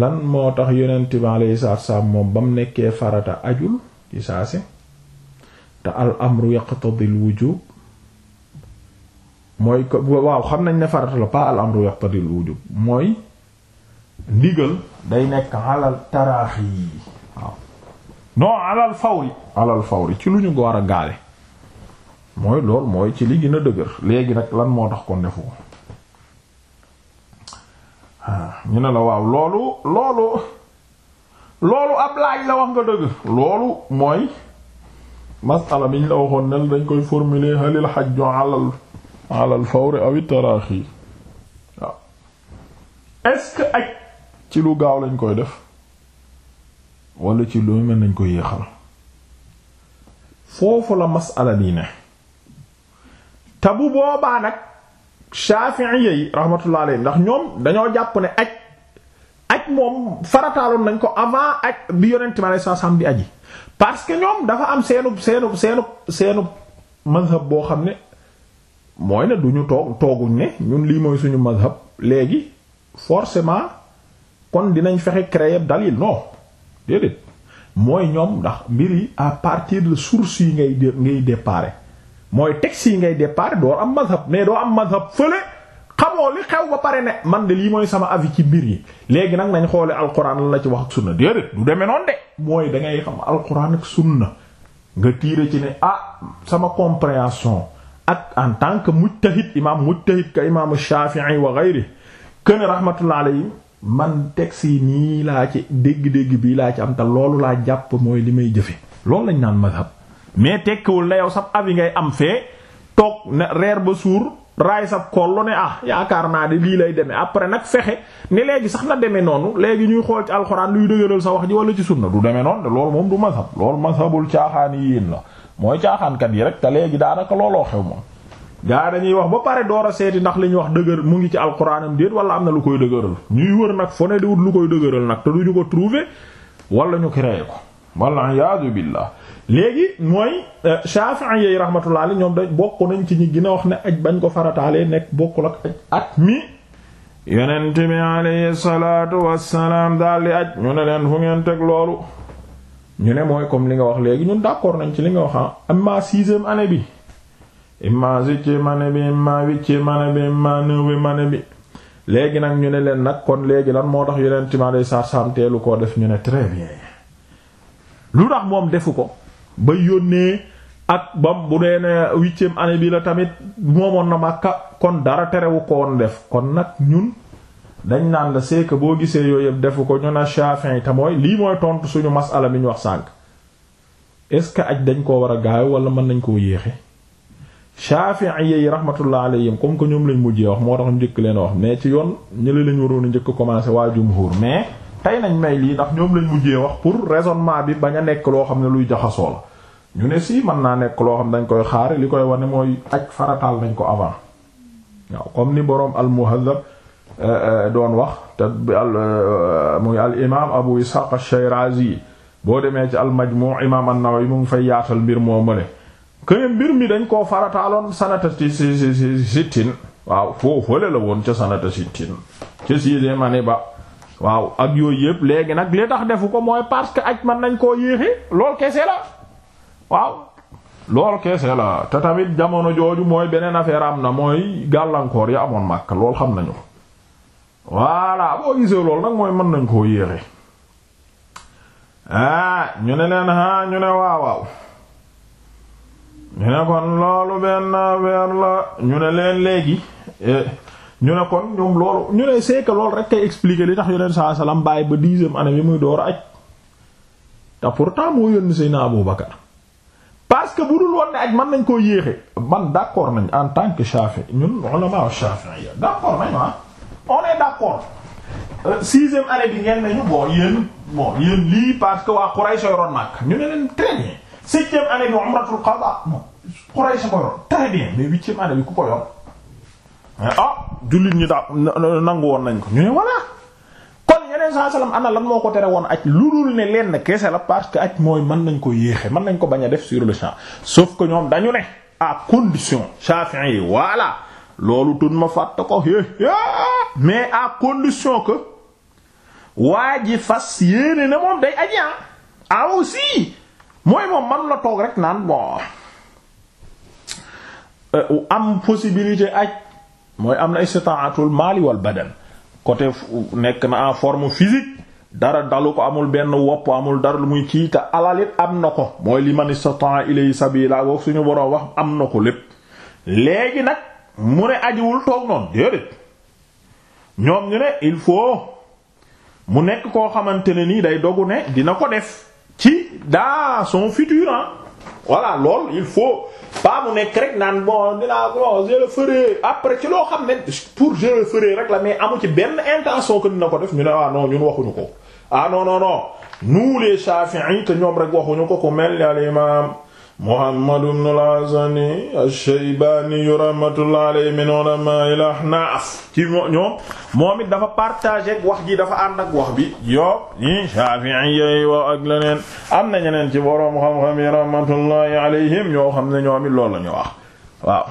lan moo tax yonent bi alayhi salaatu salaam moom bam nekkee farata ajul ci saase te al amru yaqtadil wujub mooy ko waaw xam nañ ne farata la pas al amru yaqtadil wujub mooy ndigal day nekk alal taraax yi waaw non alal fawri alal fawri ci lu ñu war a gaale mooy lool mooy ci li gën a dëgër léegi nag lan moo tax kon defu ñu ne la waaw loolu loolu loolu ab laaj la wax nga dëgg loolu mooy masala miñ la waxoon ne dañ koy formuler halil hajju alal alal waaw est-ce ci lu gaaw lañ koy def wala ci lu mel nañ koy yéexal foofu la masala bi ne te boobaa nag Shafi'iyya yi rahmatullah alayhi ndax ñoom dañoo jàpp ne aj aj moom farataaloon nañ ko avant ak bi yonent ma lay sa sam di aji parce que ñoom dafa am seenub seenub seenub seenub mazhab boo xam ne mooy ne du ñu toog tooguñ ne ñun lii mooy suñu mazhab léegi forcément kon dinañ fexe créer dalil noo déedéet mooy ñoom ndax mbir yi à partir de source yi ngay ngay déparé mooy texte yi ngay départ doo am mazhab mais doo am mazhab fële xamoo li xew ba pare ne man de lii mooy sama avis ci mbir yi léegi nag nañ xoole alquran lan la ci wax ak sunna déedéet du demee noonu de mooy da ngay xam alquran ak sunna nga tiire ci ne ah sama compréhension ak en tant que mujtahid imam mujtahid ka imam Shafi'i wa ghayri kene rahmatullah yi man texte yi nii laa ci dégg-dégg bii laa ci am te loolu laa jàpp mooy li may jëfe loolu lañ naan mazhab mais tekkiwul na yow sab avis ngay am fee toog ne reer ba suur raay sab kollu ne ah yaakaar naa de lii lay demee après nag fexe ne léegi sax na demee noonu léegi ñuy xool ci alxuraan luy dëgëral sa wax ji wala ci sunna du demee noon de loolu moom du masab loolu masabul caaxaan yi yéen la mooy caaxaankat yi rek te léegi daanaka looloo xew moom gaa dañuy wax ba pare door a seeti ndax li ñu wax dëgër mu ngi ci alxuraanam déet wala am na lu koy dëgëral ñuy wër nag fo ne di lu koy dëgëral nag te duñu ko trouver wala ñu créer ko wal iyaadu billah léegi mooy euh, Shafi'i yi rahmatullah alayhi ñoom dañ bokk nañ ci ñi gën a wax ne aj bañ ko farataalee nekk bokkul ak aj at mi yonent bi alayhi salaatu wassalaam daal di aj ñu ne leen fu ngeen teg loolu ñu ne mooy comme li nga wax léegi ñun d'accord nañ ci li nga wax am ah. amma sixième année bi imma septième année bi imma huitième année bi imma bi année bi léegi nag ñu ne leen nag kon léegi lan moo tax yonent bi alayhi salaatu wassalaam teelu koo def ñu ne très bien lu tax moom defu ko ba yónnee ak bam bu dee ne huitième année bi la tamit moomoon na Makka kon dara terewu ko woon def kon nag ñun dañ naan la c'est boo gisee yooyu yëpp defu ko ñu na Shafi'i te mooy lii mooy tontu suñu masala mi ñu wax sànk est-ce que aj dañ ko war a gaaw wala mën nañ koo yéexe Shafi'i yi rahmatullah alayhim comme que ñoom lañ mujjee wax moo tax njëkk leen wax mais ci yoon ñële lañ waroon a njëkk commencé waa jumhur mais tey nañ may lii ndax ñoom lañ mujjee wax pour raisonnement bi bañ a nekk loo xam ne luy jaxasoo la ñu ne si mën naa nekk loo xam dañ koy xaar li koy wane mooy aj farataal nañ ko avant waaw comme ni boroom al-Muhazzab euh, euh, doon wax te euh, muy al imaam Abu Ishaq ash-Shirazi boo demee ci al-Majmu' imaam an-Nawawi mu ngi fay yaatal mbir moo mëne këne mbir mi dañ koo farataaloon sanata ci si si sittin waaw foo fële la woon ca sanata sittin ca sixième année ba waaw ak yooyu yëpp léegi nag li tax defu ko mooy parce que ak man nañ koo yéexe lool kese la waaw lool kese la te tamit jamono jooju mooy beneen affaire am na mooy gàllankoor yi amoon màkk lool xam nañu ko voilà mooy mën nañ koo yéexe ah ñu ne leen ah ñu ne waaw waaw ñu ne kon loolu benn affaire la ñu ne leen léegi. Eh, ñu ne kon ñoom loolu ñu ne c'est loolu rek kay expliquer li tax yonent saa salaam bàyyi ba dixième année bi muy door a aj te pourtant moo yónni Seydina Abu Bakar parce que bu dul woon ne aj mën nañ koo yéexe man d'accord nañ en tant que Shafi'i ñun ulama Shafi'i d'accord nañ ah on est d'accord euh, sixième année bi ngeen nañu bon yéen bon yéen lii parce que waa Quraysh yoroon nag ñu ne leen très bien septième umratul qada bon Quraysh ko yor très bien mais huitième année ah jullit ñi daa nangu woon nañ ko ñu ne voilà kon yeneen saa salaam ana lan moo ko tere woon aj lu dul ne lenn kese la parce que aj mooy man nañ ko yéexe man nañ ko bañ a def sur le champ sauf que ñoom dañu ne a condition Shafi'i yi voilà loolu tun ma fàtte ko mais à condition que waa ji fas yéene ne moom day aji ah. Ah, aussi mooy moom man la toog rek naan bon euh, am possibilité aj mooy am na istitaatul maali wal badan côté nekk na en forme physique dara dalu ko amul benn wopp amul dara lu muy kii te alalit am na ko mooy li man istataa ilay sabila wax suñu boroom wax am na ko lépp léegi nag mu ne ajiwul toog noonu déedéet ñoom ñu ne il faut mu nekk koo xamante ne nii day dogu ne dina ko def ci daa son futur voilà lool il faut pas mu nekk rek naan bon dinaa bon je le ferai après ci loo xam ne pour je le ferai rek la mais amu ci benn intention que dina ko def ñu ne ah non ñun waxuñu ko ah non non non nous les Shafi'i te ñoom rek waxuñu ko ku mel ni al imam Muhammad ibn al-Hasani ash-Shaybani rahmatullahi alayhi min ulama al-Ahnaf ci ñoom moom it dafa partagé wax ji dafa ànd ak wax bi yo ñi Shafi'iyyi wa ak leneen am na ñeneen ci boroom xam-xam yi rahmatullahi alayhim ñoo xam ne ñoom it loolu la ñu wax waaw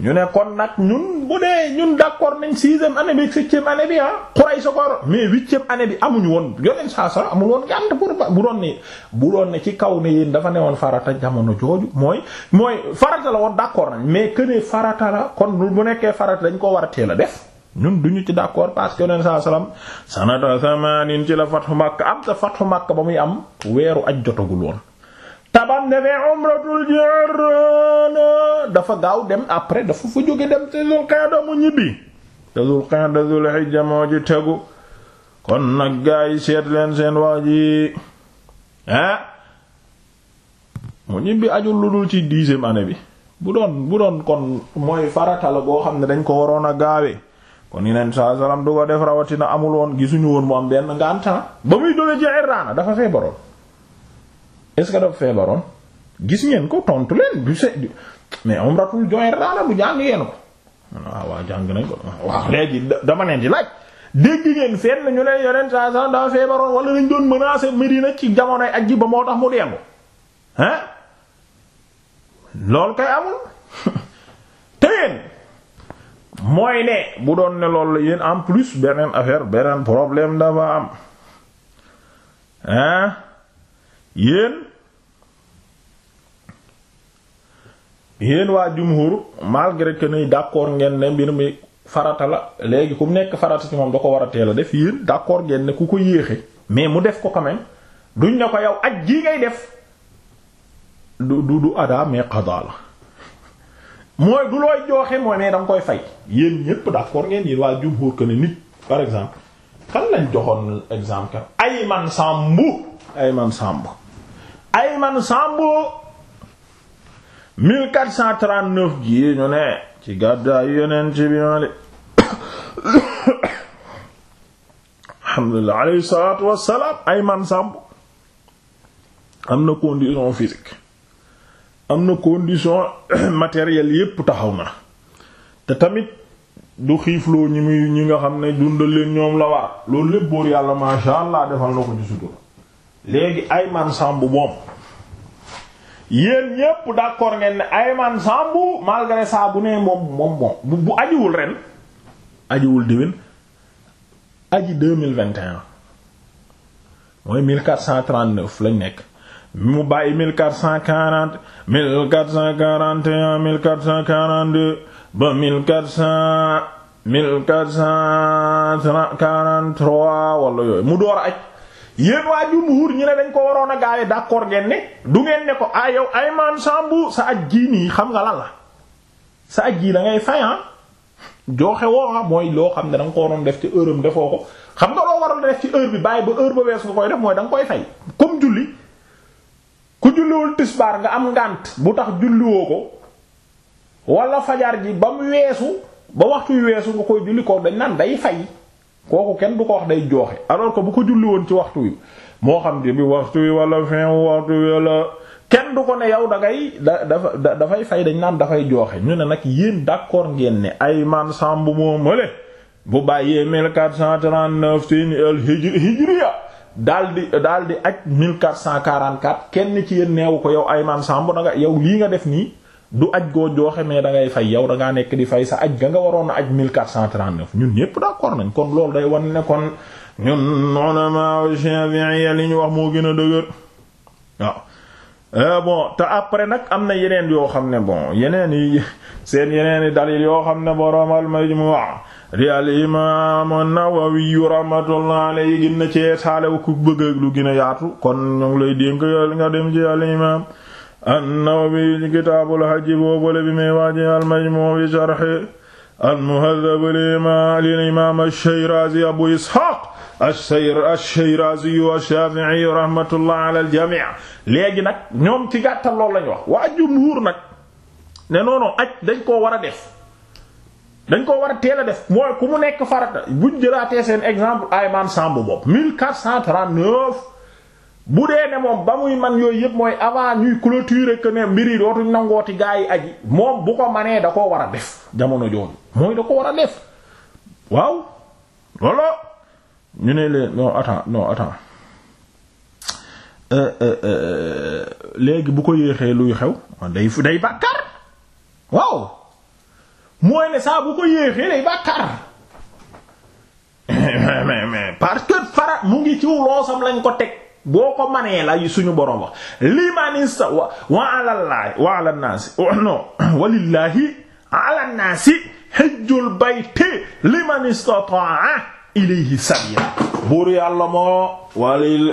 ñu ne kon nag ñun bu dee ñun d'accord nañ sixième année bi septième année bi ah Quraysh sa ko mais huitième bi amuñu woon yoneen saa sara amul woon gànt pour bu doon ne bu doon ne ci kaw ne yéen dafa newoon farata jamono jooju mooy mooy farata la woon d'accord nañ mais que farata la kon bu nekkee farata dañ ko war a teel a def ñun duñu ci d'accord parce que yoneen saa salaam sanata samanin ci la fathu Makka am ta fathu Makka ba muy am weeru aj jotagu woon tabam defee umratul jiraan dafa gaaw dem après dafa fa jóge dem te dul qa'da mu ñibbi te dul qa'da yi seet leen seen wax ji ah mu ñibbi ajul lu dul ci dixième année bi bu doon bu doon kon mooy farata la boo xam ne dañ ko waroon a gaawee kon yeneen saa salaam du ko def rawatina amul woon gisuñu woon mu am benn ngàntaan ba muy jóge ci Irana dafa feebaroon est-ce que dafa feebaroon gis ngeen ko tontu leen du se mais umratul joxe daala bu jàng ngeen ko waaw waaw jàng nañ ko léegi dama leen di laaj dégg ngeen fenn ñu ne yonent saa saa daa feebaroon wala dañ doon menacer Medina ci jamonoy ak ji ba moo tax mu doon ne loolu yéen en plus beneen affaire beneen problème dafa am hein yéen yéen waa jumhur malgré que ni d'accord ngeen ne mbir mi farata la léegi ku nekk farata ci moom da ko war a teel a def yéen d'accord gen ne ku ko yéexe mais mu def ko quand duñ ne ko yow ak jii ngay def du du du ada mais qada la mooy du looy joxe mooy mais da koy fay yéen ñépp d'accord ngeen yéen waa jumhur que ne nit par exemple kan lañ joxoon exemple Ayman Sambu Ayman ay Ayman Sambu 1439 gi ñu ne ci gàddaayu yonent bi ale alhamdulilah alayhi salaatu wassalaam ay man sàmb am na condition physique am na condition matérielle yépp taxaw na te tamit du xiifloo ñi muy ñi nga xam ne dundal leen ñoom la war loolu lépp buur yàlla masha allah defal na ko ci sutura léegi ay man sàmb moom yéen ñépp d'accord ngeen ne Ayman Sambou malgré ça bu nee bu ajiwul ren ajiwul déwén aji mille vingt et un mooy mille quatre cent trente neuf lañ nekk. mu bàyyi mille quatre cent quarante mille quatre cent quarante mille quatre cent quarante deux ba mille quatre cent mille quatre cent quarante trois wala yooyu mu door aj yéen waa jumhur ñi ne dañ ko waroon a gaawe d'accord ngeen ne du ngeen ne ko ah yow Ayman Sambu sa aj jii nii xam nga lan la sa aj jii da ngay fayan ah? jooxe woo ah, mooy loo xam ne da ko waroon def ci heure am defoo ko xam nga loo waroon def ci heure bi bàyyi ba heure ba wees nga koy def mooy da koy fay comme julli ku julliwul tisbaar nga am ngànt bu tax julliwoo ko wala fajar gi ba mu weesu ba waxtu yu weesu nga koy julli ko dañ naan day fay kooku kenn du ko wax day jooxe alors que bu ko julli woon ci waxtu wi moo xam di bi waxtu wi wala fin waxtu wi wala kenn du ko ne yow da ngay da da dafay fay dañ naan dafay jooxe ñu ne nag yéen d'accord ngeen ne ay man Samb moo mële bu bàyyee 1439 seen al hijriya daal di daal di aj 1444 kenn ci yéen neewu ko yow ay man Samb da nga yow lii nga def nii. du aj goo jooxe mais da ngay fay yow da ngaa nekk di fay sa aj ga nga waroon a aj 1439 ñun ñépp d'accord nañ kon loolu day wan ne kon ñun ulama Shafi'iyya li ñu wax moo gën a dëgër waaw euh, te après nag am na yeneen yoo xam ne bon yeneen yi seen yeneen i dalil yoo xam ne borom al-Majmu' di al imam an-Nawawi rahmatullah alayhi gën na ci saalew ku bëgg lu gën a yaatu kon ñu ngi lay dénk nga dem ci al imam an-Nawawi ci kitaabul hajj boobale bi muy waaje al-Majmuu bi sharhi al-Muhazzab lil imaam ash-Shiraazi Abu Ishaaq ash-Shiraazi ash-Shaafi'i rahmatullahi ala al-jamii' léegi nag ñoom ci gàttal loolu lañu wax waa jumhuur nag ne noonu aj dañ koo war a def dañ koo war a teel a def mooy ku mu nekk farata buñ jëlaatee seen exemple Ayman Samb bopp 1439 bu dee ne moom ba muy man yooyu yëpp mooy avant ñuy clôturer ko ne mbiri dootuñ nangooti gaa yi aji moom bu ko manee da koo war a def jamono jooju mooy da ko war a def waaw loolu ñu ne leen non euh, euh, euh, léegi bu ko yéexee luy xew day day bàkkaar waaw mooy ne saa bu ko yéexee day bàkkaar mais mais fara mu ngi ci loosam lañ ko teg boo ko manee la suñu borom wax liman insta wa wa alallahi wa ala naasi no walillahi ala naasi hajjul bayti liman istata'a ilayhi sabila buur yàlla moo walil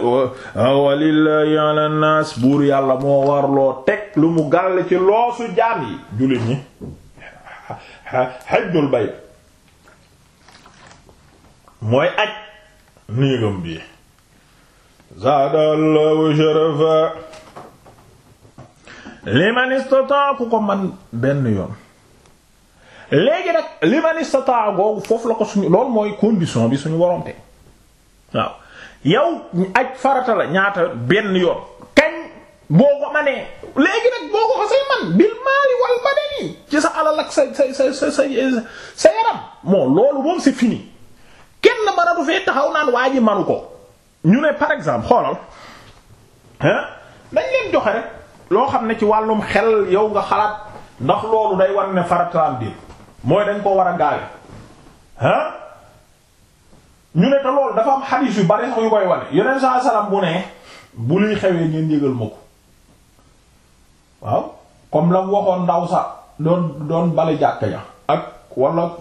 walillahi ala naas buur yàlla moo warloo teg lu mu gàll ci loosu jaam yi jullit ñi hajjul bayt mooy aj néegam bi zaadallahu sharafa liman istataa ku ko man benn yoon léegi nag liman istataa googu foofu la ko suñu loolu mooy condition bi suñu waromte waaw yow ñaata benn yoon kañ boo ko manee sa alal ak sa sa sa loolu moom si fini kenn bara du fee taxaw naan waa ji manu ko ñu ne par exemple xoolal hein dañ leen joxe rek loo xam ne ci wàllum xel yow nga xalaat ndax loolu day war ne farataal bi mooy dañ ko war a gaawe hein ñu ne te loolu dafa am xadiis yu bari sax yu koy wane yeneen saa salaam bu ne bu luy xewee ngeen yëgal ma ko waaw comme la waxoon ndaw sax doon doon bale jàkk ja ak wala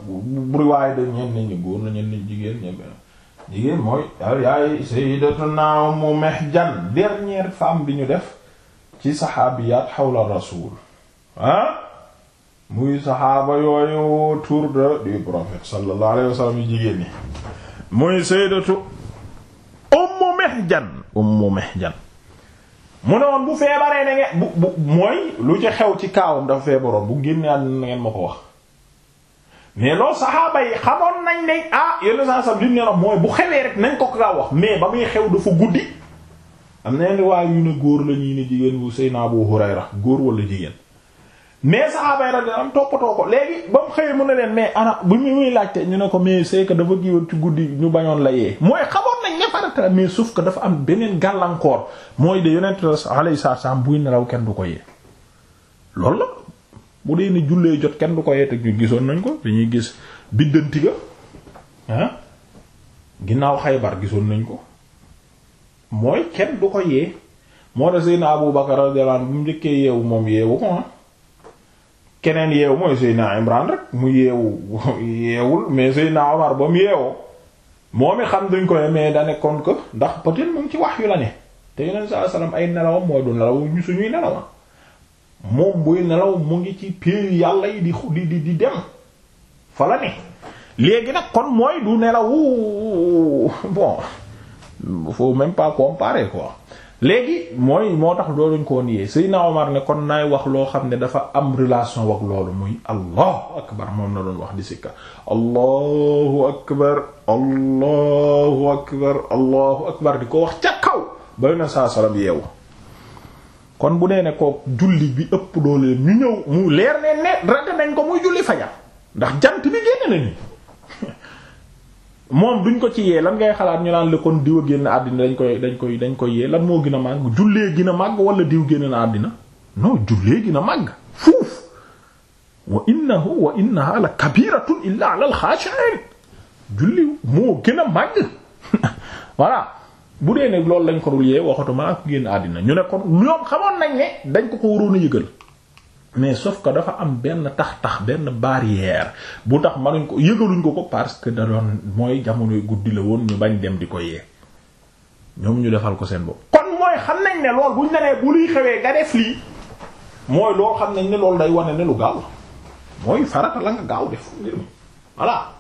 de ñeen ñi góor na ñeen jigéen ñeen jigéen mooy yaay sayyidatuna Ummu Mihjan dernière femme bi ñu def ci saxaabiyaat xawla rasul ah muy saxaaba yooyu tour de du prophète sallallahu alayhi jigéen ñi muy sayyidatu Ummu Mihjan Ummu Mihjan mu ne woon bu feebaree na bu bu mooy lu ci xew ci kaawam dafa feebaroon bu génne na ngeen ma ko wax mais loolu saxaaba yi xamoon nañ ne ah yàlla saa sax li mu ne mooy bu xewee rek nañ ko kaa wax mais ba muy xew dafa guddi. am na yenn waaye yu ne góor la ñuy ne jigéen bu Seyna Abu Hurayra góor wala jigéen mais saxaaba yi rek am toppatoo ko léegi ba mu xëyee mu ne leen mais ana bu muy laajte ñu ne ko mais c'est que dafa giwoon ci guddi ñu bañoon la yee mooy xamoon nañ ne farata mais suuf que dafa am beneen gàllankoor mooy de yonent alayhi salaam buy nelaw kenn du ko yee bu dee ne jullee jot kenn du ko yeete ñu gisoon nañ ko dañuy gis biddanti ga ah ginnaaw xaybar gisoon nañ ko mooy kenn du ko yee moo tax Seydina Abu Bakar radiyallahu bu mu njëkkee yeewu moom yeewu ko ah. keneen yeewu mooy Seydina Imran rek mu yeewu yeewul mais Seydina Omar ba mu yeewoo moom it xam duñ ko ne mais dane kon ko ndax peut-être ci wax yu la ne te Yonent sallallahu alayhi wasallam ay nelawam mooy du nelaw ñu suñuy nelawam moom buy nelaw mu ngi ci pieds yàlla yi di di di dem fa la ne léegi nag kon mooy du nelawu bon faut même pas comparer quoi léegi mooy moo tax looluñ ko woon yee Seydina Omar ne kon naay wax loo xam ne dafa am relation ak loolu muy allahu akbar moom na doon wax di sikka allahu akbar allahu akbar allahu akbar di ko wax ca kaw bay na saa salam yeewu kon bu nee ne kook julli bi ëpp doole ñu ñëw mu leer ne ne raté nañ ko muy julli fajar ndax jant bi génn na ni moom duñ ko ci yee lan ngay xalaat ñu laan la kon diw a génn àddina dañ koy dañ koy dañ koy yee lan moo gin a mu jullee gin a màgg wala diw génn na àddina non jullee gën a màgg fuuf wa innahu wa innaha la kabiratun illa ala al xaashi'in julli moo gën a màgg voilà bu dee ne loolu lañ ko dul yee waxatuma ak génn àddina ñu ne kon ñoom xamoon nañ ne dañ ko ko waroon a yëgal mais sauf ko dafa am benn tax-tax benn barrière bu tax manuñ ko yëgaluñ ko ko parce que da doon mooy jamonoy guddi la woon ñu bañ dem di ko yee ñoom ñu defal ko seen bopp. kon mooy xam nañ ne lool buñ la nee bu luy xewee nga def lii mooy loo xam nañ ne loolu day wane ne lu gaaw mooy farata la nga gaaw def voilà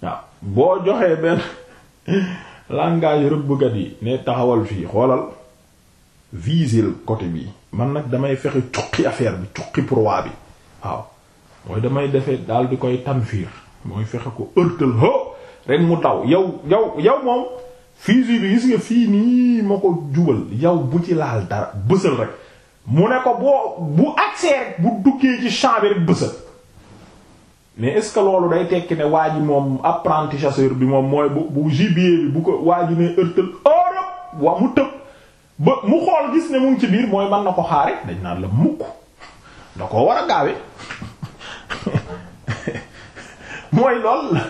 waaw boo joxee benn. langage rëbbkat yi ne taxawal fii xoolal viser côté bi man nag damay fexe cuqi affaire bi cuqi proie bi waaw mooy damay defe daal di koy fiir mooy fexe ko ërtal ho rek mu daw yow yow yow moom fusil bi gis nga fii nii ma ko jubal yow bu ci laal dara bësal rek mu ne ko boo bu accès rek bu duggee ci champ bi rek bësal mais est-ce que loolu day tekki ne waa ji moom apprenti chasseur bi moom mooy bu bu gibier bi bu ko waa ji ne ërtal Europe oh, waa mu tëb ba mu xool gis ne mu ngi ci biir mooy man na ko xaare dañ naan la mukk da koo war a gaawe mooy lool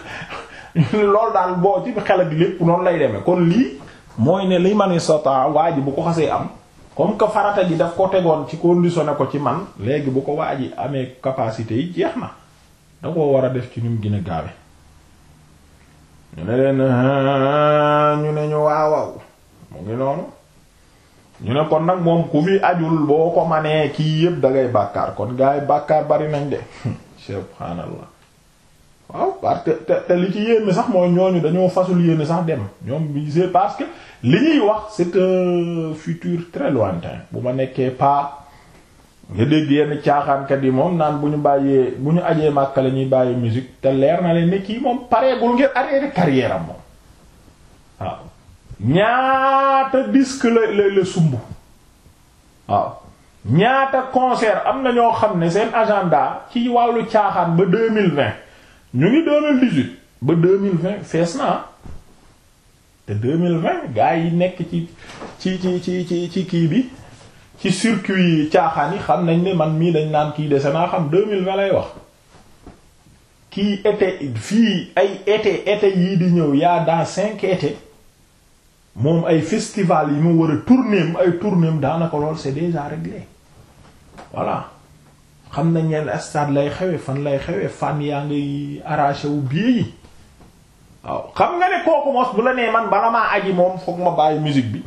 loolu daal boo ci xel bi lépp noonu lay demee kon lii mooy ne li man istata waa ji bu ko xasee am comme que farata ji daf ko tegoon ci conditionné ko ci man léegi bu ko waa ji amee capacité yi jeex na da koo war a def ci ñum gën a gaawe ñu ne leen ñu ne ñu waawaw mu ngi noonu ñu ne kon nag moom ku fi ajul boo ko manee kii yépp dangay bàkkaar kon gaa bàkkaar bari nañ de subhaanallah waaw parce que te te li ci yéeme sax mooy ñooñu dañoo fasul yéene sax dem ñoom c'est parce que li ñuy wax c'est un futur très lointain bu ma nekkee paa nga dégg yenn caaxaankat yi moom naan bu ñu bàyyee bu ñu ajee màkka la ñuy bàyyi musique te leer na leen ni kii moom pareegul ngir arrêté carrière am moom waaw ñaata disque la la sumb waaw ñaata concert am na ñoo xam ne seen agenda ci wàllu caaxaan ba deux mille vingt ñu ngi deux mille dix ba deux mille vingt fees naa te deux mille vingt gaa yi nekk ci ci ci ci ci kii bi. ci circuit yi caaxaan yi xam nañ ne man mii lañ naan kii dese naa xam deux mille vingt lay wax kii été fii ay été été yii di ñëw yaa dans cinq été moom ay festival yi mu war a tournéem ay tournéem daanaka lool c'est déjà réglé voilà xam nañ ne stade lay xewe fan lay xewe fan yaa ngay arraché wu biir yi waaw xam nga ne kooku mos bu la nee man bala maa aji moom foog ma bàyyi musique bi.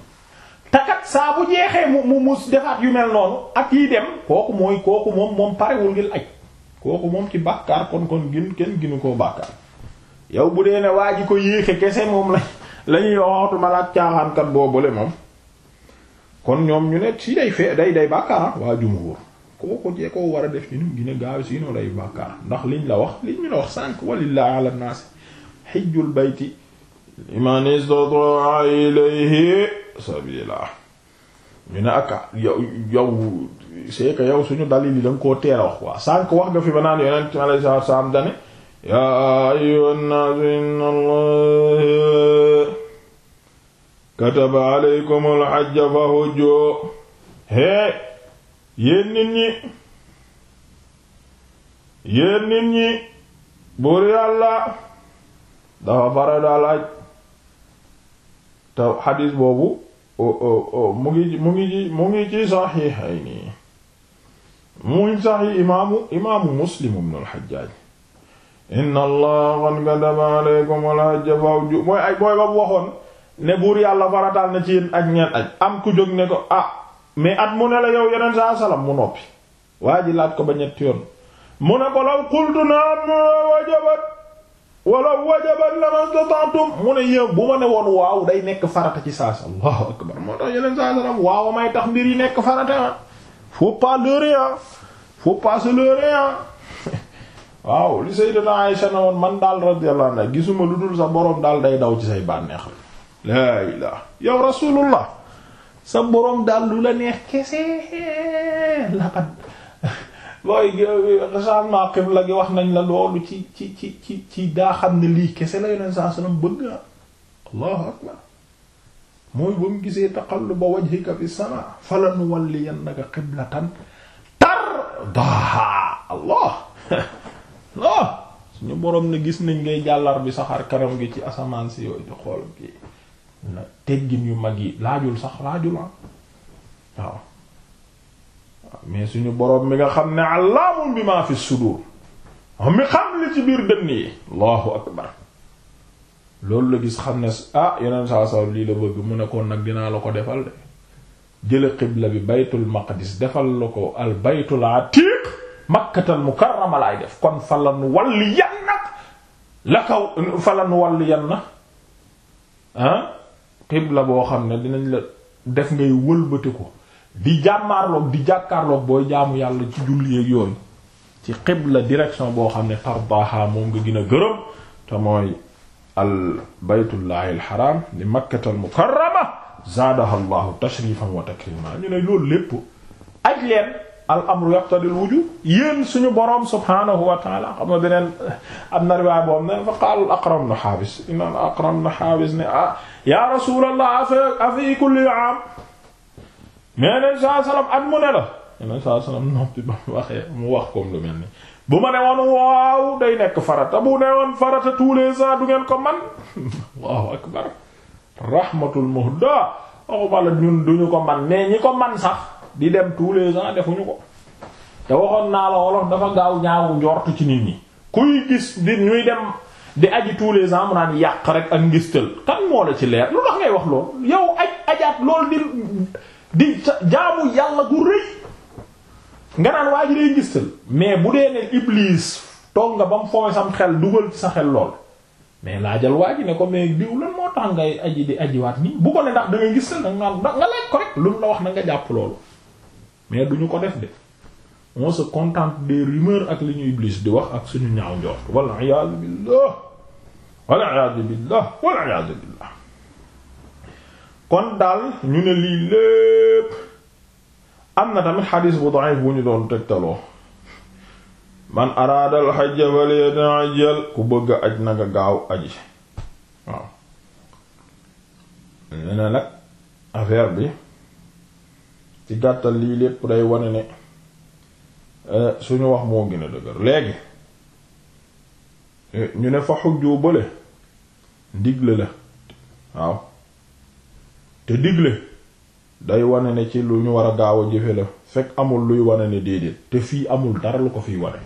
saa bu jeexee mu mu mu defaat yu mel noonu ak yi dem kooku mooy kooku moom moom parewul ngir aj kooku moom ci bàkkaar kon kon gin kenn ginu koo bàkkaar yow bu dee ne waa ji ko yéexe kese moom la lañuy waxatuma laaj caaxaankat boobule moom kon ñoom ñu ne si day fee day day bàkkaar ah, waa jumhur kooku jee koo war a def ci nu gën gaaw si noo day bàkkaar ndax liñ la wax liñ la wax sànq walillahi ala naas xijjul bayti liman istata'a ilayhi sabila ñu ne ak yow yow c'est que suñu dalil yi da koo teel a wax waa sànq wax nga fi ba naan yonent mi alayhi salaatu salaam dane yaa ayyuhan naas inna allaha kataba alaykumul hajja fa hujju hee yéen nit ñi yéen nit ñi buur yàlla dafa faral daal aj te xadiis boobu mu ngi mu ngi mu ngi ci saxiixayni mu ngi saxiix imaamu imaamu muslim ibn al-Hajjaaj inna allah qad kataba alaykum al-hajja fawju mooy ay mooy ba mu waxoon ne buur yàlla farataal na ci yéen aj ngeen aj am ku jóg ne ko ah mais at mu ne la yow yeneen saa salaam mu noppi waa ji laaj ko ba ñetti yoon mu ne ko law qultu na'am wajabat wala wajaban lamastata'tum mu ne yéen bu ma ne woon waaw day nekk farata ci saas allahu akbar moo tax yeneen saa salaam waaw may tax mbir yi nekk farata ah faut pas leurrer ah faut pas se leurrer ah waaw li sayyidatu Aisha na woon man daal radiyallahu anha gisuma lu dul sa boroom daal day daw ci say bànneex la laa ilaha yow rasulullah sa boroom daal lu la neex kese labat looy euh, changement qibla gi wax nañ la loolu ci ci ci ci ne lii kese la yoneen saa sallam bëgg na allahu akbar mooy ba mu gisee taqalluba wajhika fi sama falanuwalliyannaka qiblatan tardaha allah allah suñu boroom ne gis nañ ngay jàllar bi saxaar kanam gi ci asamaan si yooyu di xool gi teggin yu mag yi laajul sax laajul ah. waaw mais suñu boroom mi nga xam ne allaamun bi maa fi sudur mi xam li ci biir dënn yi allahu akbar loolu la gis xam ne ah yeneen saa saa lii la bëgg mu nekkoon nag dinaa la ko defal de jële xibla bi baytul maqdis defal la ko al baytul atiq makkatal laay def kon falan walli yan na la kaw falan walli yan na ah xibla boo xam ne dinañ la def ngay wëlbati ko di jàmmaarloog di jàkkaarloog booy jaamu yàlla ci julli yeeg yooyu ci xibla direction boo xam ne tardaha moom nga gën a gërëm te mooy al baytullahi al haram di makkata al mukarrama zaadaha llahu tashrifan wa takrima ñu ne loolu lépp aj al amru yaqtadil wujub yéen suñu boroom subhanahu wa taala xam nga beneen am na riwaay boo al aqram xaabis inna al aqram xaabis ne ah, ya rasul allah afi kulli am mais neen saa salaam at mu ne la yeneen saa salaam noppi ba mu waxee mu wax comme lu mel ni bu ma ne woon waaw day nekk farata bu ne woon farata tous les ans du ngeen ko man waaw akbar rahmatul muhda waxuma la ñu duñu ko man mais ñi ko man sax di dem tous les ans defuñu ko te waxoon naa la wolof dafa gaaw ñaawu njort ci nit ñi kuy gis di ñuy dem di aji tous les ans mu naan yàq rek ak ngistal kan moo la ci leer lu tax ngay wax loolu yow aj ajaat loolu di di jaamu yàlla gu rëy nga naan waa ji ngistal mais bu dee ne iblis toog nga ba mu fooy sam xel dugal ci sa xel lool mais laajal waa ji ne ko mais diw lan moo tax ngay aji di ajiwaat nii bu ko ne ndax da ngay ngistal nga laaj ko rek lu mu la wax na nga jàpp loolu mais ñu ko def de on se contente des rumeurs ak li ñu iblis di wax ak suñu ñaaw njort wal iyaazu billah wal iyaazu billah kon daal ñu ne lii lépp am na tamit xadiis bu da'if bu ñu doon tegtaloo man araada alxajja falyata'ajjal ku bëgg aj na nga gaaw aji waaw ñu ne nag affaire bi ci gàttal lii lépp day wane ne eh, suñu wax moo gën a dëgër léegi eh, ñu ne fa xujju bële ndigle la waaw te digle day wane ne ci lu ñu war a gaaw a jëfe la fekk amul luy wane ne déedéet te fii amul dara lu ko fi wane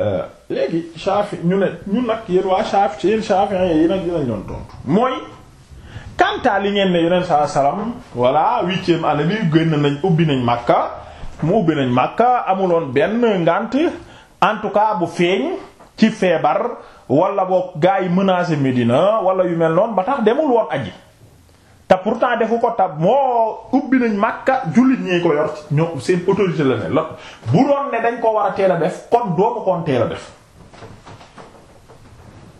euh, léegi Shafi ñu ne ñu nag yéen waa Shafi ci yéen Shafi yi nag dinañ doon tontu mooy kantaa li ngeen ne yoneen saa salaam voilà huitième année bi génn nañ ubbi nañ Makka mu ubbi nañ Makka amuloon benn ngant en tout cas bu feeñ ci feebar wala boog gars yi menacé Médina wala yu mel noonu ba tax demul woon aji te pourtant defu ko tab moo ubbi nañ Makka jullit ñi ko yor ñoom seen autorité la ne la bu doon ne dañ ko war a teel def kon doomu koon teel a def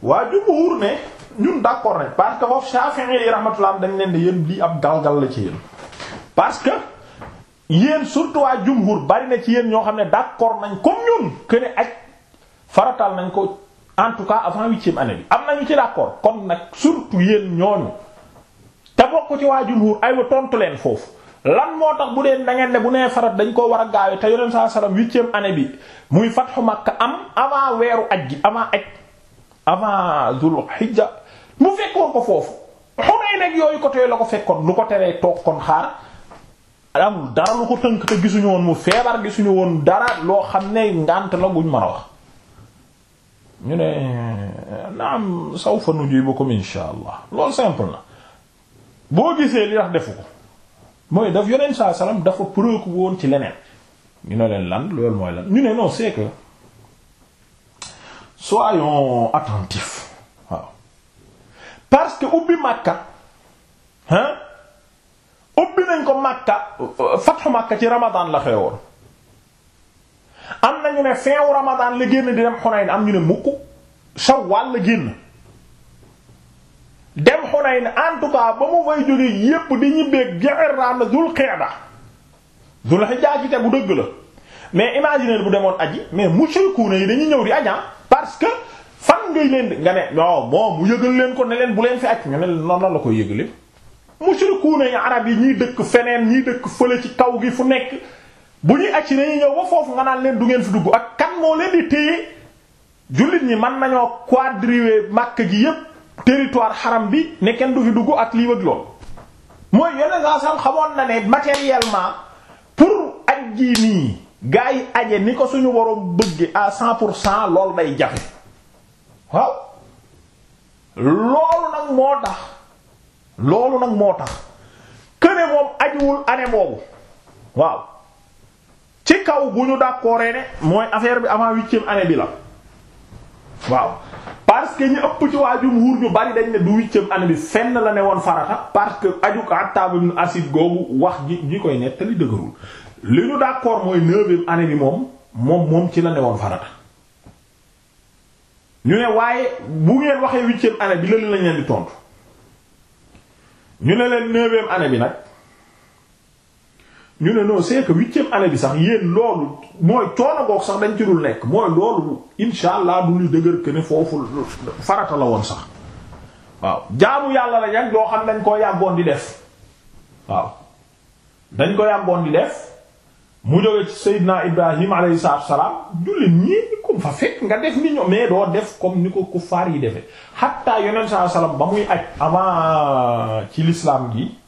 waa jumhuur ne ñun d'accord nañ parce que foofu Shafi'i yi am dañ leen ne yéen lii ab galgal la ci yéen parce que yéen surtout waa jumhur bari na ci yéen ñoo xam ne d'accord nañ comme ñun que aj faratal nañ ko en tout cas avant huitième année bi am nañu ci d'accord kon nag surtout yéen ñooñu te bokk ci waa jumhur aywa tontu leen foofu lan moo tax bu dee da ngeen ne bu nee farat dañ koo war a gaawe te yonent saa salaam huitième année bi muy fatxu Makka am avant weeru aj gi avant aj avant Zul mu fekkoon ko foofu xunay nag yooyu côté la ko fekkoon lu ko teree toog kon xaar amul dara lu ko tënk te gisuñu woon mu feebar gisuñu woon dara loo xam ne ngànt la guñ mën a wax ñu ne naam sawfa nujibukum insha allah loolu simple na boo gisee li tax defu ko mooy daf yonent saa salaam dafa préoccupé woon ci leneen ñu ne leen lan loolu mooy lan ñu ne non c'est que soyons attentifs waaw parce que ubbi Makka hein ubbi nañ ko Makka euh, fatxu Makka ci Ramadan la xewoon am na ne feewu Ramadan la génn di dem Xunayn am ñu ne mukk Shawwal la génn. Hunayn en tout cas ba mu fay jógee yépp di ñibbeeg Ji'irraana Zul Qa'da Zul la ci bu dëgg la mais imaginer bu demoon aji mais mushrikuuna yi dañuy ñëw di aja ah, parce que fan ngay leen di nga ne non bon mu yëgal leen ko ne leen bu leen fi aj ñu ne noonu la koy yëgale mushrikuuna yi arab yi ñiy dëkk feneen ñiy dëkk fële ci kaw gi fu nekk bu ñuy aj dañuy ñëw ba foofu nga naan leen du ngeen fi dugg ak kan moo leen di téye jullit ñi mën nañoo quadriller Makka gi yépp territoire xaram bi ne kenn du fi dugg ak lii wëg lool mooy yeneen saa sam xamoon na ne matériellement pour aj ji nii gaa yi aje ni ko suñu waroon bëgge à cent pour cent lool day jafe waaw loolu nag moo tax loolu nag moo tax këne moom ajuwul année boobu waaw ci kaw bu ñu d'accordé ne mooy affaire bi avant huitième année bi la waaw parce que ñu ëpp ci waa jumhuur ñu bari dañ ne du huitième année bi fenn la ne woon farata parce que aju Attaab ibn Asid googu wax ji ñi koy nettali dëgërul li ñu d'accord mooy neuvième année bi moom moom moom ci la ne woon farata ñu ne waaye bu ngeen waxee huitième année bi la lañ leen di tontu ñu ne leen neuvième année bi nag ñu ne non c'est que huitième année bi sax yéen loolu mooy coono goog sax dañ ci dul nekk mooy loolu insha allah du ñu dëgër que ne foofu farata la woon sax waaw jaamu yàlla la ñag doo xam dañ koo yàggoon di def waaw dañ ko yàggoon di def mu jóge ci Seydina Ibrahim alayhi salaam jullit ñi comme fa fekk nga def ni ñoom mais doo def comme ni ko kuffaar yi defee hatta yonent saa salaam ba muy aj avant ci l'islam gi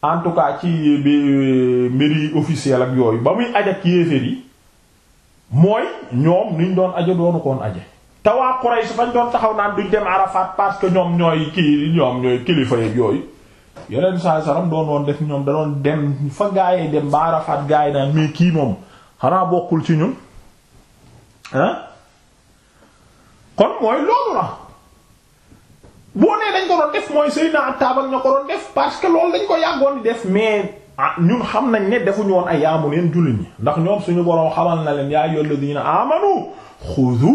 en tout cas ci euh, mbir yi officiel ak yooyu ba muy aj ak yéeféer yi mooy ñoom niñ doon aje doonu koon aje te waa Quraysh fañ doon taxaw naan duñ dem Arafat parce que ñoom ñooy kii ñoom ñooy kilifa yeeg yooyu yeneen saa saram doon woon def ñoom da doon dem fa gaayee dem ba Arafat gaay naan mais kii moom xanaa bokkul ci ñun kon mooy loolu la boo nee dañ ko doon def mooy Seydina Attaab ak ña ko doon def parce que loolu dañ ko yàggoon di def mais ah, ñun xam nañ ne defuñu woon ay yaamu leen ndax ñoom suñu boroom xamal na leen yaa ayyuhal ladiina aamanu xuzu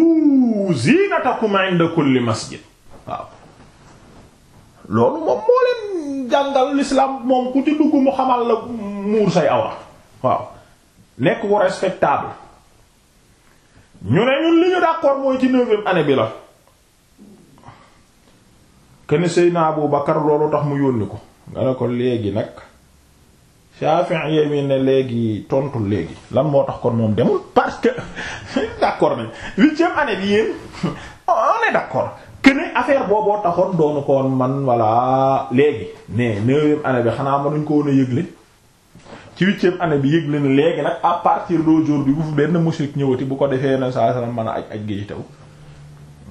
ziinatakum inda kulli masjid waaw loolu moom moo leen jàngal l'islam moom ku ci dugg mu xamal la muur say awra waaw nekk ko respectable ñu ne ñun li ñu d'accord mooy ci neuvième année bi la kene Seydina Abu Bakar loolu tax mu yónni ko nga ne ko léegi nag Shafi'i yi ne léegi tontu léegi lan moo tax kon moom demul parce que d'accord nañ huitième année bi yéen on affaire booboo taxoon doonu ko woon man voilà léegi mais neuvième année bi xanaa mënuñ ko woon a yëgle année bi yëgle na léegi nag à partir d'aujourd'hui bu fi benn mushrik ñëwati bu ko defee na saa salaam mën a aj aj taw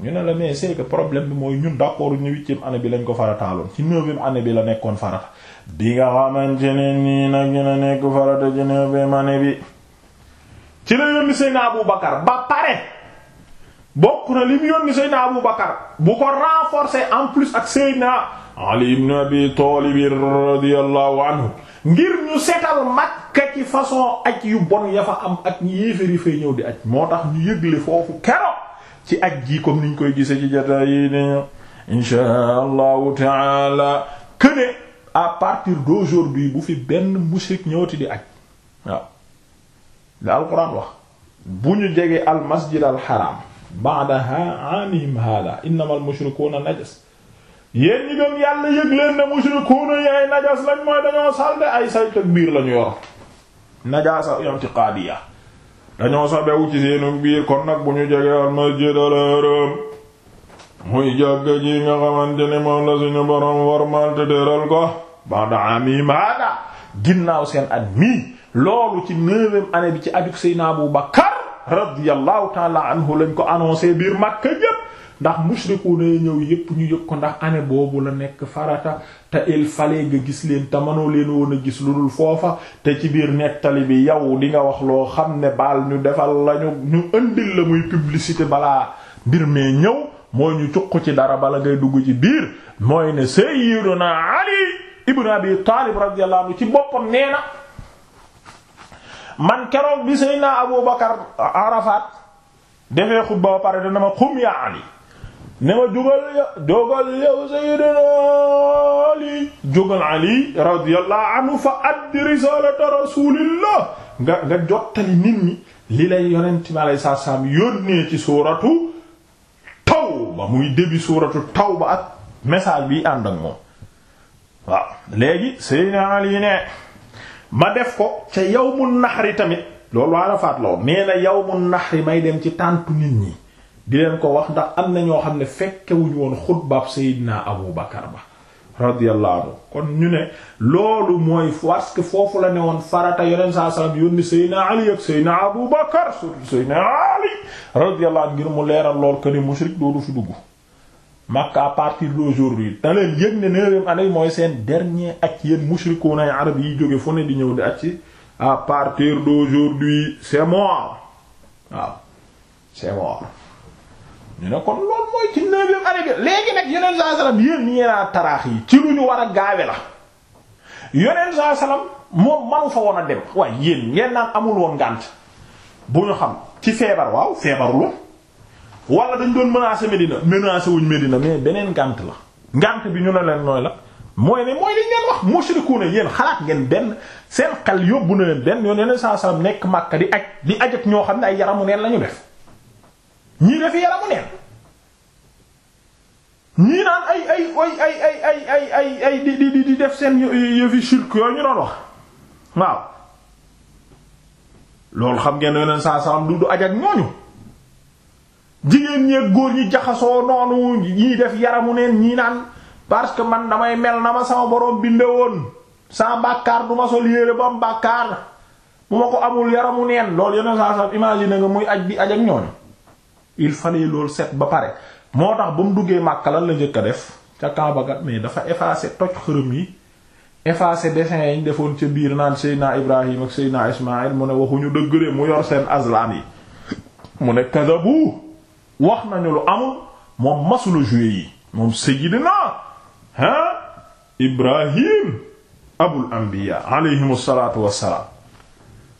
ñu ne la mais c'est problème bi mooy ñun d'accord ñu huitième année bi lañ ko farataaloon ci neuvième année bi la nekkoon farata bi nga xamante ne nii nag ñu ne nekk farata ci neuvième année bi ci la yónni Seydina Abu Bakar ba pare bokk na li mu yónni Seydina Abu Bakar bu ko renforcer en plus ak Seydina Ali ibn Abi Talib radiyallahu anhu ngir ñu setal Makka ci façon aj yu bon ya fa am ak ñu yéefari fay ñëw di aj moo tax ñu yëgle foofu keroog ci ak gi comme niñ koy gise ci jota yi ni insha allahu taala këne à partir d'aujourd'hui bu fi benn mushrik ñëwati di aj waaw la alquran wax bu ñu jegee al masjid al haram ba'daha anihim hada innama al mushrikuuna najas yéen ñi gëm yàlla yëg leen ne mushrikuuna yaay najas lañ mooy dañoo salde ay saytag biir lañu yor najaasa i'tiqaadiya dañoo sabewu ci seenu biir kon nag bu ñu jege al masjid al haram muy jàkka ji nga xamante moom la suñu borom warmal te dëral ko banda ami maada ginnaaw seen at mii loolu ci neuvième année bi ci ajug Seydina Abu Bakar radiyallahu taala anhu lañ ko annoncé biir Makka yépp ndax mushriku ne ñëw yépp ñu yëg ko ndax année boobu la nekk farata te il fallait nga gis leen te mënoo leen woon a gis lu dul foofa te ci biir nettali bi yow di nga wax loo xam ne baal ñu defal lañu ñu indil la muy publicité balaa mbir mee ñëw mooy ñu cuq ci dara bala ngay dugg ci biir mooy ne sayyiduna Ali ibn abi taalib radiyallahu ci boppam nee man keroog bi Seydina Abu Bakar Arafat defee xutba ba pare dana ma xum yaa Ali ne ma jógal jógal yow sayyidina ali jógal ali radiyallahu anhu fa addi risalata rasulillah nga nga jottali nit ñi li lay yonent ci suuratu tawba muy début suuratu tawba ak message bi ànd ak moom waaw léegi sayyidina ali ne ma def ko ca yawmun nahri tamit loolu waa la faat la woon nee na yawmun may dem ci tàntu nit ñi di leen ko wax ndax am na ñoo xam ne fekkewuñu woon xutbaab Seydina Abu Bakar ba radiyallahu anhu kon ñu ne loolu mooy parce que foofu la ne woon farata yoneen saa sallam yónni Seydina Ali ak Seydina Abu Bakar Seydina Ali radiyallahu ngir mu leeral lool que ni mushrik doodu fi dugg Makka partir d'aujourd'hui da leen yëg ne neuvième année mooy seen dernier ak yéen mushrikuuna arab yi jóge fu ne di ñëw di acci à partir d'aujourd'hui c'est mort waaw c'est ñu ne kon loolu mooy ci neuvième année bi léegi nag yeneen saa salaam yéen ñi naa taraax yi ci lu ñu war a gaawe la yeneen saa salaam moom manu fa woon a dem waaye yéen ngeen naan amul woon ngànt bu ñu xam ci feebar waaw feebarul wala dañ doon menacer Medina menacer wuñ Medina mais beneen ngànt la ngànt bi ñu ne leen nooy la mooy ne mooy li ngeen wax mushrikuuna yéen xalaat ngeen benn seen xel yóbbu na leen benn yoon yeneen saa salaam nekk Makka di aj di aj ñoo xam ne ay yaramu neen la def. ñii dafi yaramu neen ñii naan ay ay ay ay ay di di di def seen yëfi shirk yooyu ñu doon wax waaw loolu xam ngeen yeneen saa salaam du du aj ak ñooñu jigéen ñeeg góor ñi jaxasoo noonu ñii def yaramu neen ñii naan parce que man damay mel na ma sama borom binde woon sans bàkkaar du ma sol yére ba mu bàkkaar bu ma ko amul yaramu neen loolu yeneen saa image imagine nga muy aj bi ajag ak ñooñu il fallait loolu set ba pare moo tax ba mu duggee Makka lan la njëkk a def ca Kaaba ga mais dafa effacé toj xërëm yi effacé dessin yi ñu defoon ca biir naan Seydina Ibrahim ak Seydina Ismaïl mu ne waxuñu dëgg de mu yor seen aslaan mu ne kadabu wax nañu lu amul moom masula joué yi moom Seydina ah Ibrahim abul anbiya alayhimu salaatu wassalaam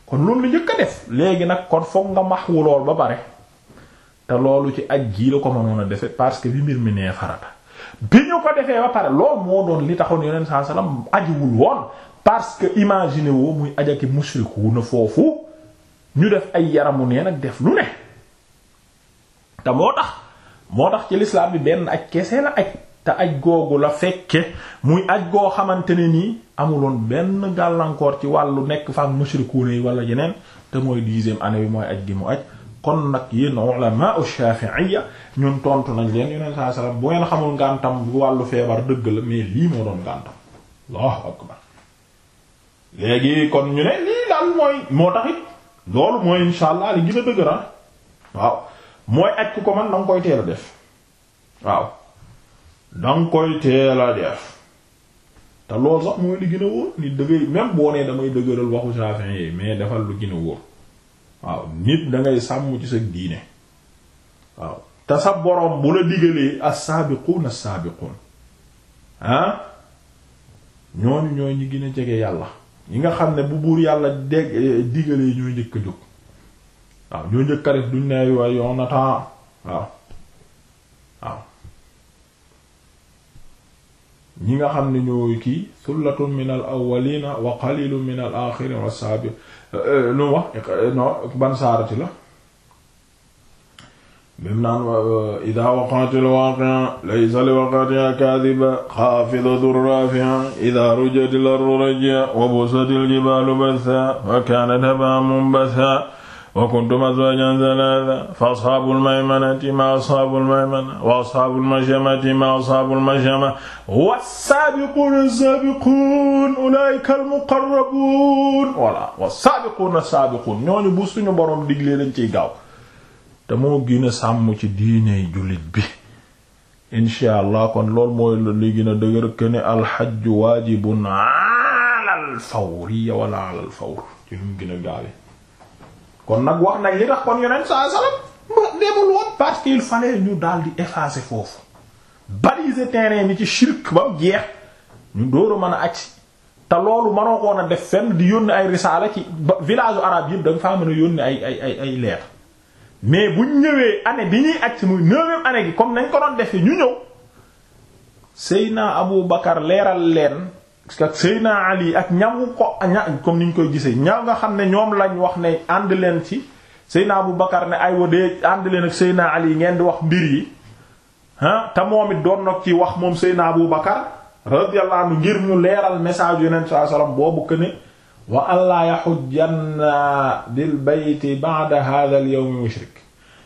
kon loolu la njëkk def léegi nag kon foog nga maxwu lool ba pare te loolu ci aj gii la ko mënoon a defe parce que bi mbir mi nee bi ñu ko defee ba pare loolu moo doon li taxoon yonent saa salaam ajiwul woon parce que imagine woo muy aja ki musriku na foofu ñu def ay yaramu neen ak def lu ne te moo tax moo tax ci lislaam bi benn aj kese la aj te aj googu la fekke muy aj goo xamante ne nii amuloon benn gàllankoor ci wàllu nekk fa ak musrikuuna yi wala yeneen te mooy dixième année bi mooy aj gi mu aj kon nag yéen ulama ash-shafi'iyya ñun tontu nañ leen yeneen saa salaam bu ngeen xamul ngàntam bu wàllu feebar dëgg la mais lii moo doon ngàntam Allahu akbar léegi kon ñu ne lii daal mooy moo taxit loolu mooy insha allah li gën a dëgg ah. waaw mooy aj ku ko man danga koy teel def waaw danga koy teel def te loolu sax mooy li gën a wóor nit dëgg même boo nee damay dëgëral waxu Shafi'i mais defal lu gën a wóor. waaw nit dangay sàmm ci sa diine waaw te sa boroom bu la digalee as-saabiquun as-saabiquun ah ñooñu ñooy ñi gën jege yàlla ñi nga xam ne bu buur yàlla dégg digalee ñooy njëkk a jóg waaw ñoo njëkk a duñ ne waaye yoon na waaw. ñi nga xam ne ñooy kii sullatun min al awwalina wa qalilun min al axirin wa saabi euh, lu wax no ban saarati la bim naan euh, ida waqatil waaqia laysa li waqatia kaadiba xaafidatun rafia ida rujatil ardu rajia wa busatil jibaalu batha wa kaanat habaa munbatha wa kuntum azwajan thalatha fa ashaabul maymanati ma ashaabul maymana wa ashaabul mash'amati ma ashaabul mash'ama was-saabiquuna as-saabiquun ulaa'ika al-muqarrabuun wala was-saabiquuna as-saabiquun ñooñu bu suñu borom diglee lañ ciy gaaw te moo gën a sàmm ci diiney jullit bi incha allah kon loolu mooy la li gën a dëgër que ne alxajju waajibun alal fawri wala alal fawr ci ñu gën a gaawe kon nag wax nañ li tax kon yonent saa salaam demul woon parce qu'il fallait ñu daal di effacer foofu baliser terrain bi ci shirk ba mu jeex ñu dóoru mën a acc te loolu mënoo koon a def fenn di yónni ay risaala ci ba village arabe yëpp da nga faa mën a yónni ay ay ay leer mais buñ ñëwee année bi ñuy acc muy neuvième année gi comme nañ ko doon defee ñu ñëw Seyna Abu Bakar leeral leen ak Seyna Ali ak ñamu ko ña comme niñ koy gisee ñaw nga xam ne ñoom lañ wax ne ànd leen ci Seyna Abu Bakar ne ay wadee ànd leen ak Seyna Ali ngeen di wax mbir yi ah te moom it doon na ci wax moom Seyna Abu Bakar radiyallahu anhu ngir ñu leeral message yonent sallallahu alayhi wasallam boobu que ne wa alla yahujjanna bil bayti ba'da hadha al yawm mushrik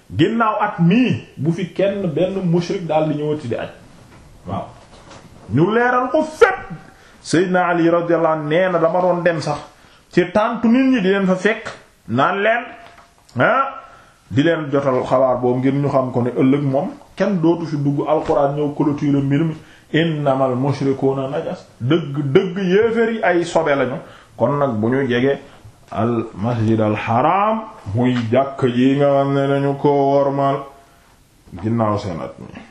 ginnaaw at mii bu fi kenn benn mushrik daal di ñëwati di aj waaw ñu leeral ko fépp Seydina Ali radiyallahu anhu nee na dama doon dem sax ci tàntu nit ñi di leen fa fekk naan leen ah, di leen jotal xabaar boobu ngir ñu xam ko ne ëllëg moom kenn dootu fi dugg alxuraan ñëw clôture mbir mi innamal mushrikuuna najas dëgg dëgg yéeféer yi ay sobe lañu kon nag bu ñu jege al masjid al haram muy jàkk yi nga xam ne nañu ko wormal ginnaaw seen mi